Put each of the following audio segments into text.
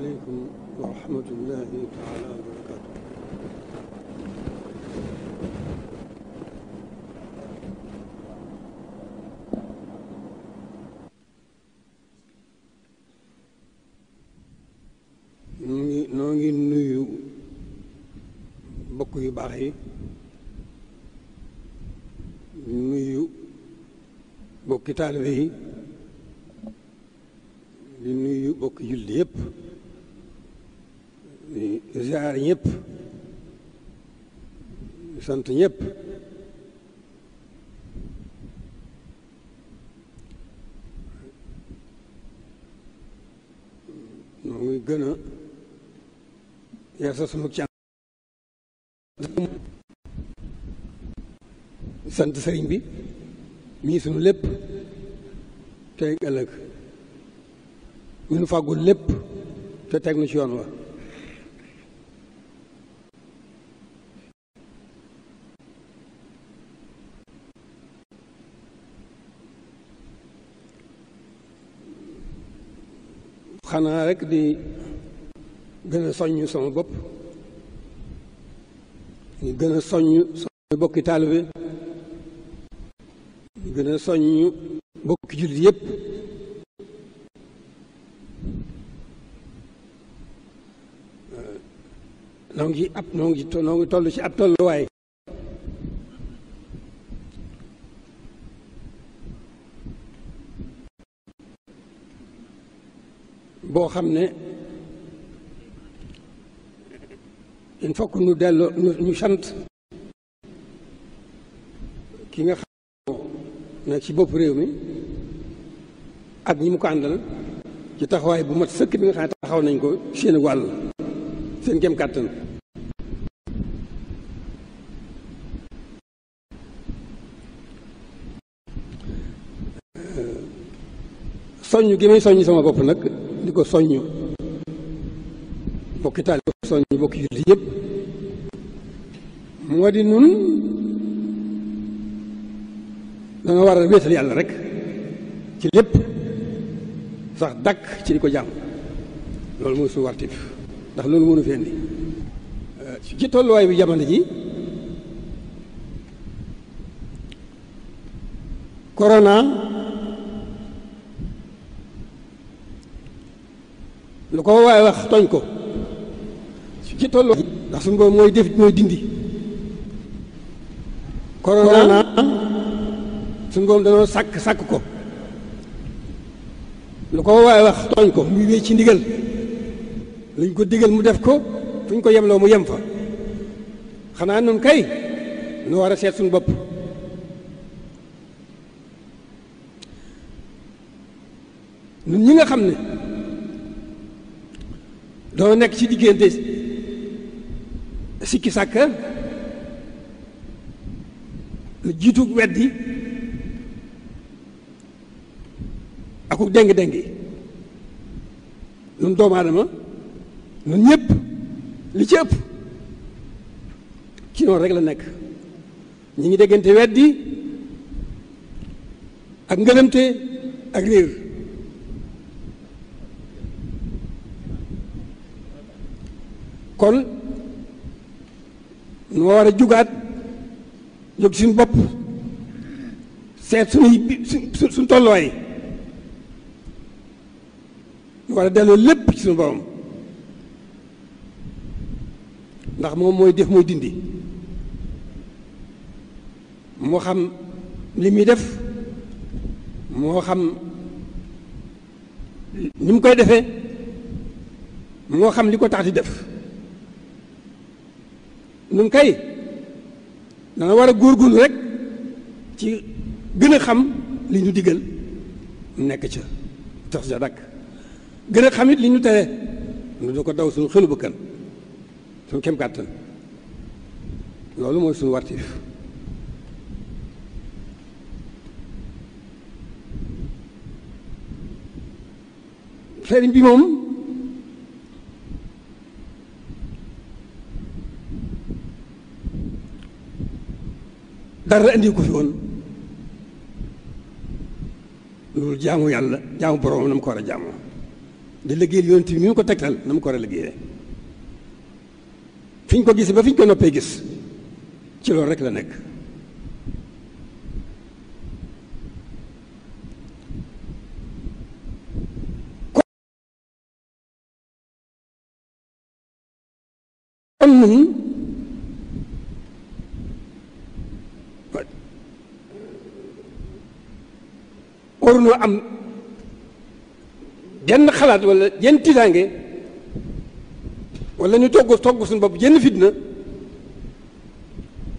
aleykum wa rahmatullahi taala wa barakaatu ñu ngi noo yu baax yi nuyu bokki taalibe yi di nuyu bokki julli yépp ziar ñëpp sant ñëpp moo ngi gën a yar sa sunu cant sant sëriñ bi mii sunu lépp tey ëllëg ñu nu fàggul lépp te teg nu ci yoon wa xanaa rek di gën a soññ sama bopp di gën a soññ sama bokki taalibe di gën a soññ bokki jullit yépp noo ngi ab noo ngi noo ngi toll ci ab tolluwaay boo xam ne il faut que ñu delloo ñu sant ki nga xam ne ci bopp réew mi ak ñi mu ko àndal ci taxawaay bu ma sëkk bi nga xam ne taxaw nañ ko seen wàll seen kem kàttan soññ gi may soññ sama bopp nag di ko soññ bokki taal di ko soññ bokki jullit yëpp moo di nun da war a wéetal yàlla rek ci lépp sax dakk ci di ko jàmm loolu mooy su wartif ndax loolu mënu fi indi ci tolluwaay bi jamono ji corona lu ko waaye wax tooñ ko ci tollu ndax suñu boobu mooy def mooy dindi korona suñu boobu danoo sàkk sàkk ko lu ko waaye wax tooñ ko muy wéy ci ndigal luñ ko digal mu def ko fu ñu ko yemloo mu yem fa xanaa nun kay nu war a seet suñu bopp nun ñi nga xam ne doo nekk ci diggante sikki sàkka jiitu weddi aku déng-déng yi ñun doomu aadama ñun ñëpp li ci ëpp ci noonu rek la nekk ñu ngi déggante weddi ak ngëlëmte ak réer kon nu war a jugaat jóg suñu bopp seet suñuy suñu tolluwaay ñu war a delloo lépp ci suñu borom ndax moom mooy def mooy dindi moo xam li muy def moo xam ni mu koy defee moo xam li ko tax di def nun kay dana war a góor góorgóorlu rek ci gën a xam li ñu digal nekk ca tax sa dakk gën a xamit li ñu tere nu du ko daw suñu xelu bëkkan suñu kem kàttan loolu mooy suñu wartiif sëriñ bi moom dara indi ko fi woon loolu jaamu yàlla jaamu boroomam na mu ko war a jaamoo di liggéeyal yonent bi mi mu ko tegtal na mu ko war a liggéeyee fi ñu ko gis ba fi ñu ko noppee gis ci loolu rek la nekk kon waruñoo am jenn xalaat wala jenn tiitaange wala ñu togg togg suñu bopp jenn fitna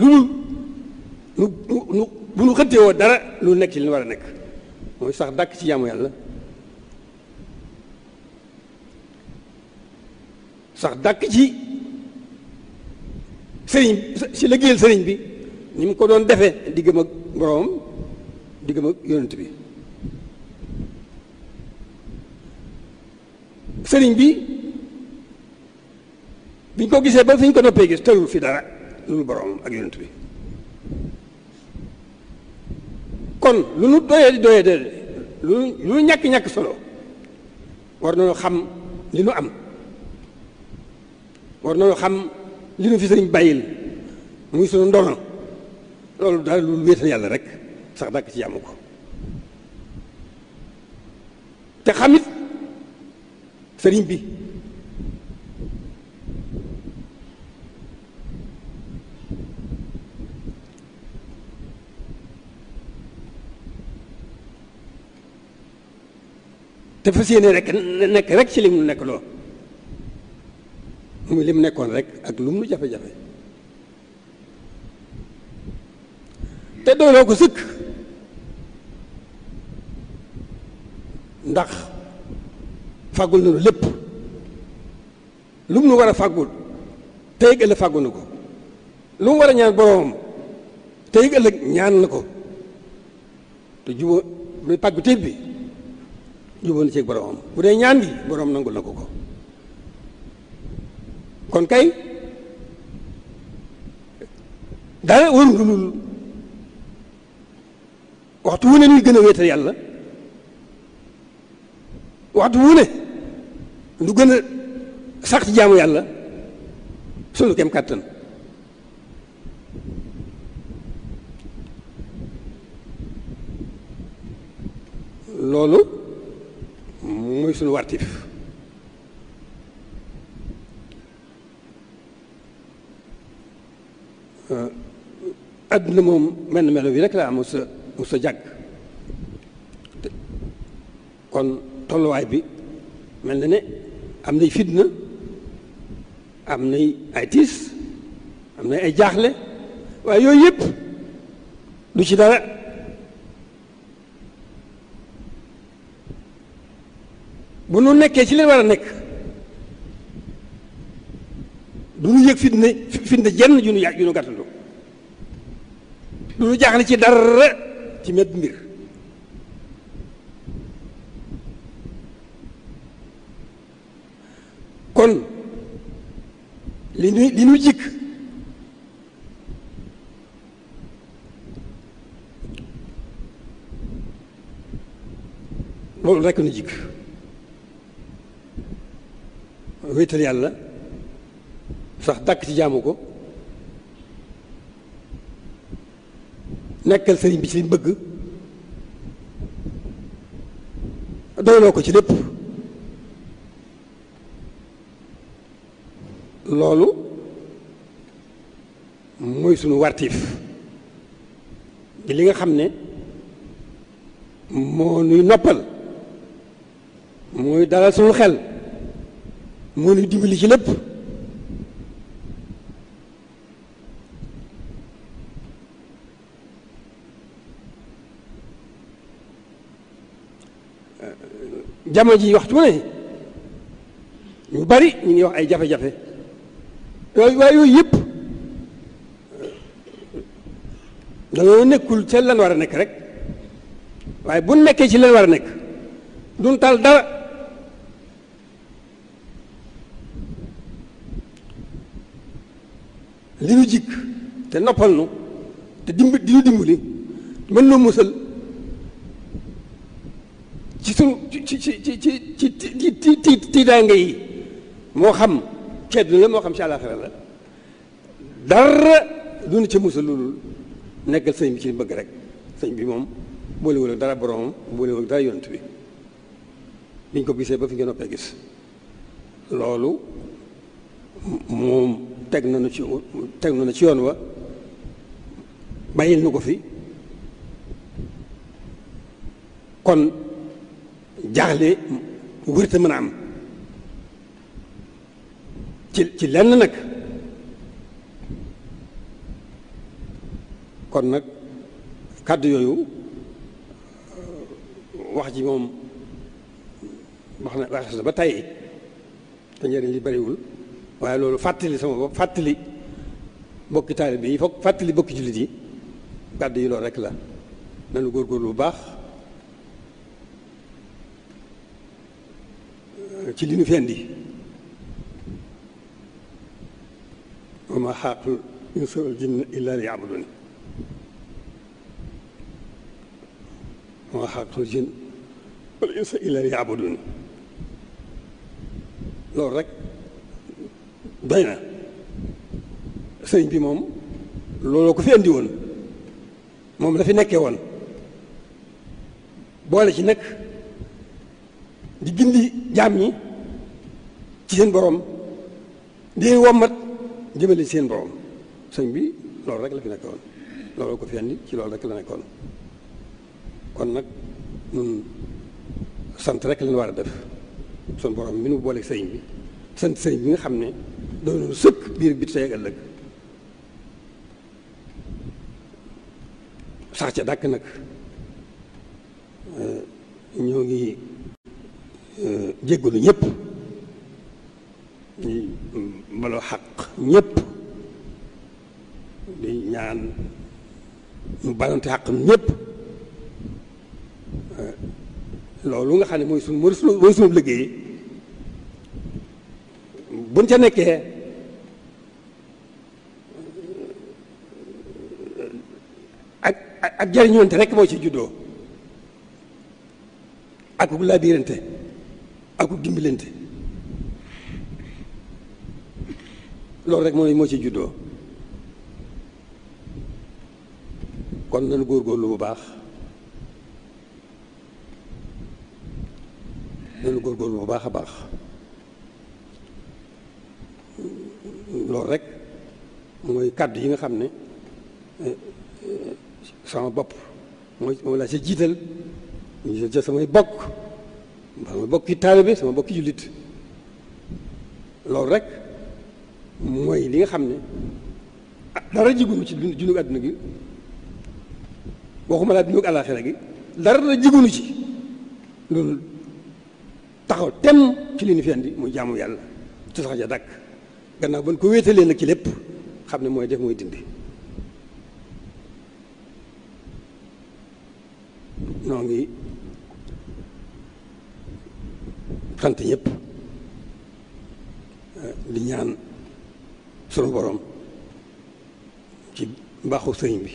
lu nu nu bu nu xëttee woo dara lu nekk ci li war a nekk mooy sax dàkk ci jaamu yàlla sax dàkk ci sëriñ si liggéeyal sëriñ bi ñu mu ko doon defee diggam ak boroomam diggam ak yonent bi sëriñ bi biñ ko gisee ba fi ñu ko noppee gis tërul fi dara lu boroomam ak yonent bi kon lu nu doyee di doyee de lu lu ñàkk-ñàkk solo war nañu xam li nu am war nañu xam li nu fi sëriñ bàyyil muy sunu ndono loolu daal lu wéetal yàlla rek sax dàkk ci yàmm ko te xamit sëriñ bi te fas yéene rek nekk rek ci li mu nekk loo muy li mu nekkoon rek ak lu nu jafe-jafe te doyloo ko sëkk ndax fàggul na lépp lu mu war a fàggul tey ëllëg fàggu ko lu mu war a ñaan boroomam tey ëllëg ñaan na ko te jubóo muy pàggu téeb bi jubóo na ci boroomam bu dee ñaan gi boroom nangul na ko ko kon kay dara warul lu waxtu wu ne ñuy gën a wéetal yàlla waxtu wu ne lu gën a sax ci jaamu yàlla sunu kem kàttan loolu mooy sunu wartif àdduna euh, moom mel na melo bi rek laa am sa mu sa jàgg kon tolluwaay bi mel na ne am nay fitna am nay ay tiis am nay ay jaaxle waaye yooyu yëpp du ci dara bu nu nekkee ci leen war a nekk du nu yëg fitna fitna jenn ju nu yaa ju nu gàttandu du nu jaaxle ci dara ci met mbir kon li nu li nu jikk loolu rekk nu jikk wéetal yàlla sax dàkk ci jaamu ko nekkal sëriñ bi ci liñ bëgg doyloo ko ci lépp loolu mooy suñu wartiif di li nga xam ne moo nuy noppal mooy dalal sunu xel moo nuy dimbali ci lépp jamono ji waxtu ne ñu bari ñu ngi wax ay jafe-jafe waaye waaye yooyu yëpp dañoo nekkul ceen lan war a nekk rek waaye bu nekkee ci lan war a nekk duñ tal dara li ñu jikk te noppal nu te dimb di ñu dimbali mën noo musal ci su ci ci ci ci ci tiitaange yi moo xam ci àdduna moo xam ci àllaaxira la dara duna ca musa loolul nekkal sëñ bi ci bëgg rek sëñ bi moom boolewul ak dara boromam boole ak dara yonent bi biñ ko bisee ba fi nga noppee gis loolu moom teg nañu ci teg ci yoon wa bàyyil nu ko fi kon jaaxle wërta mën a am ci ci lenn nag kon nag kàddu yooyu euh, wax ji moom wax na wax na ba tey te njëriñ li bariwul waaye loolu fàttali sama bopp fàttali mbokki taalibe yi foog fàttali mbokki jullit yi kàddu yi loolu rek la nanu góorgóorlu bu baax euh, ci li ñu fendi wa maa xalaqtul insa wal jinna illaa liya'buduun wa maa xalaqtul jinna wal insa illaa liya'buduun loolu rek doy na sëñ bi moom looloo ko fi andi woon moom la fi nekkee woon boole ci nag di gindi jaam ñi ci seen borom di wommat jëmale seen borom sëñ bi loolu rek la fi nekkoon looloo ko fi andi ci loolu rek la nekkoon kon nag ñun sant rekk lañ war a def suñu borom mi nu booleeg sëñ bi sant sëñ bi nga xam ne doon sëkk biir bi tey ak ëllëg sax ca dàkk nag eh, ñoo ngi eh, jéggalu ñëpp mbaloo xaq ñëpp di ñaan ñu balonte xaq ñépp eh, loolu nga xam ne mooy suñu mooy suñu mooy suñu liggéey buñ ca nekkee eh, ak ak jariñoonte rek mooy ci juddoo ak ku laa ak ku dimbalante loolu rek moo moo ci juddoo kon nañu góorgóorlu bu baax nañu góorgóorlu bu baax a baax loolu rek mooy kàddu yi nga xam ne eh, sama bopp mooy moom laa sa jiital ñu sa samay bokk sama bokki taalibe sama bokki jullit loolu rek mooy li nga xam ne dara jigunu ci dund dundug àdduna gi waxuma laa dundug àllaaxira gi dara jigunu ci loolu taxaw tem ci li ñu fi andi yàlla te sax ja dàkk gannaaw ba ñu ko wéetalee nag ci lépp xam ne mooy def mooy dindi noo ngi sant ñëpp di ñaan sunu boroom ci mbaaxu sëriñ bi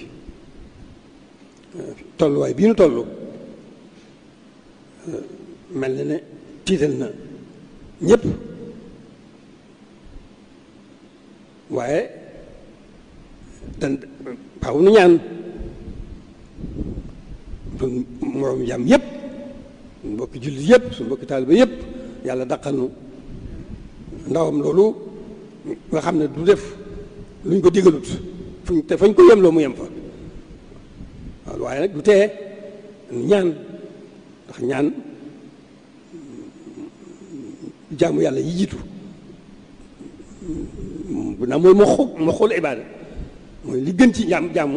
tolluwaay bii nu toll mel na ne tiital na ñépp waaye dan faaw nu ñaan sunu moroom jàmm yëpp sunu mbokki jullit yëpp sunu mbokki taaliba yëpp yàlla daqanu ndawam loolu nga xam ne du def luñ ko digalut fuñ te fañ ko yemloo mu yem fa waaw waaye nag du tee ñaan ndax ñaan jàmm yàlla yi jiitu bu naa mooy moxu moxul ibaada mooy li gën ci jaam jàmm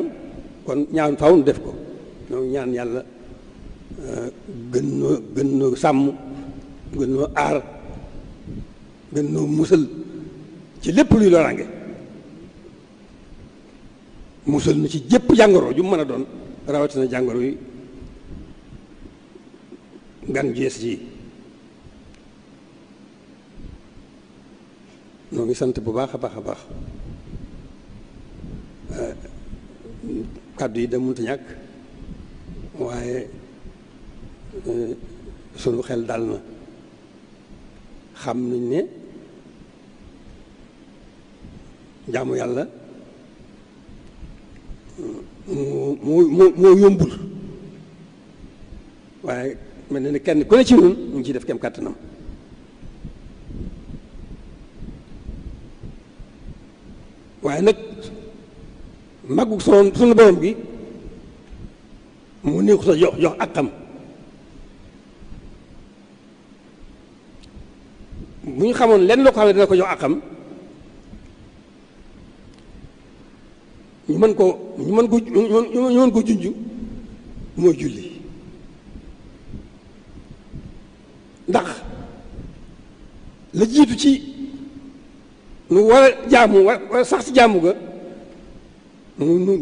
kon ñaan faw nu def ko ñoo ñaan yàlla euh, gën noo gën noo sàmm gën noo aar gën noo musal ci lépp luy loraange musal na ci jëpp jàngoro ju mën a doon rawatina jàngoro yi gan jees ji noo ngi sant bu baax a baax a baax kàddu yi da munta ñàkk waaye eh, sunu xel dal na xam nañ ne jaamu yàlla moo moo moo yombul waaye mel na ne kenn ku ne ci ñun mu ngi ciy def kem kàttanam waaye nag màggu son sunu borom bi mu neexut a jox jox ak xam bu ñu xamoon lenn loo ko xam ne dina ko jox ak xam mën koo ñu mën ko ñu mën ko junj mooy julli ndax la jiitu ci lu war a jaamu war sax ci jaamu ga nu nu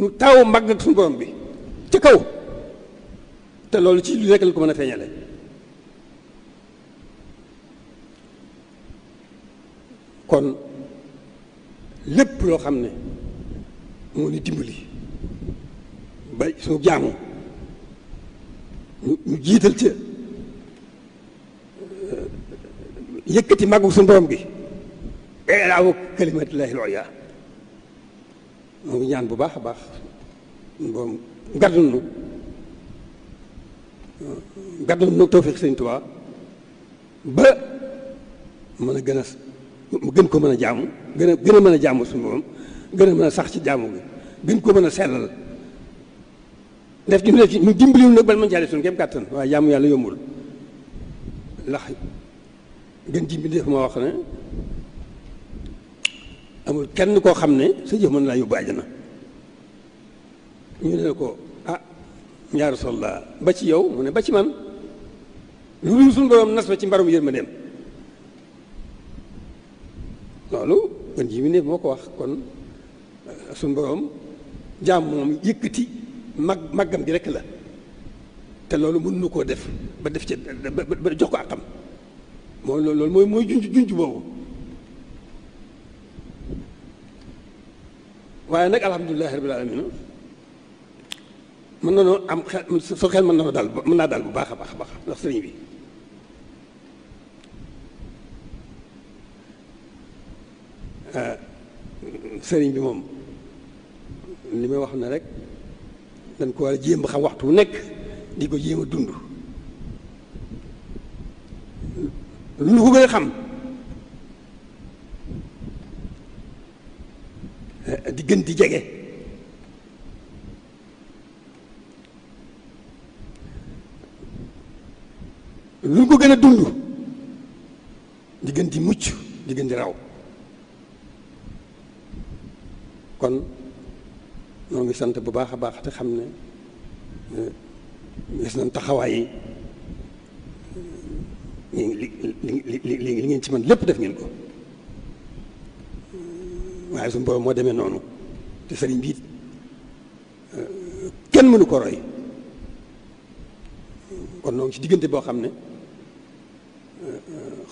nu taaw mbagg ak suñu borom bi ca kaw te loolu ci lu nekk lañ ko mën a feeñale kon lépp loo xam ne moo ñu dimbali ba suñu jaamu ñu jiital ca euh, yëkkati màggu suñu borom gi eelaawu kalimatillahi loya moo ngi ñaan bu baax a baax borom gàddundu gàddundu tawfiq sëñ Tuubaa ba mën a gën a gën ko mën a jaamu gën a gën a mën a jaamu suñu borom gën a mën a sax ci jaamu bi gën ko mën a sellal def ci def ci ñu dimbaliwul nag bal mën caa def suñu kéem kàttan waaye jaamu yàlla yombul lax gën ji bi def ma wax ne amul kenn koo xam ne sa jëf mën naa yóbbu àjjana ñu ne ko ah yaa Rasulallah ba ci yow mu ne ba ci man lu dul suñu borom nas ba ci mbarum yërmandeem loolu gën ji bi def moo ko wax kon su borom jaam moom yëkkati mag màggam gi rekk la te loolu mën nu koo def ba def ci ba jox ko àqam mooy loolu mooy mooy junj junj boobu waaye nag alhamdulilahi rabbil alamin mën na noo am xel soo xel mën na daal mën naa daal bu baax a baax a baax ndax sëriñ bi ah, sëriñ bi moom li may wax na rek dañ ko war a jéem ba xam waxtu wu nekk di ko jéem a dund lu nu ko gën a xam eh, di gën di jege lu nu ko gën a dund di gën di mucc di gën di raw kon ñoo ngi sant bu baax a baax te xam ne eh, gis nañ taxawaay yi eh, li li li ngeen ci man lépp def ngeen ko eh, waaye suñu borom moo demee noonu te sëriñ bi kenn mënu ko roy kon noo ci diggante boo xam ne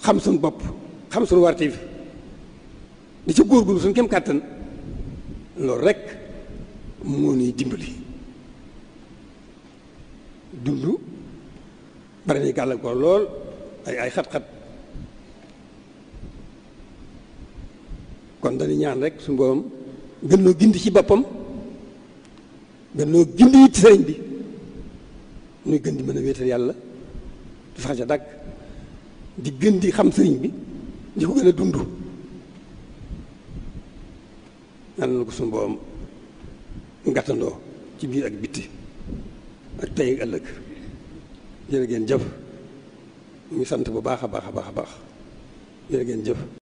xam suñu bopp xam suñu warteef di ci góorgóorlu suñu kem kàttan loolu rek moo ñuy dimbali dund bari na gàllankoor lool ay ay xat-xat kon dañu ñaan rek su borom gën noo gindi ci boppam gën noo gindi ci sëriñ bi nuy gën di mën a wéetal yàlla di sax ca di gën di xam sëriñ bi di ko gën a dund nan na ko suñu borom gàttandoo ci biir ak bitti ak tey ak ëllëg jërë geen jëf ñu sant bu baax a baax a baax a baax jërë ngeen jëf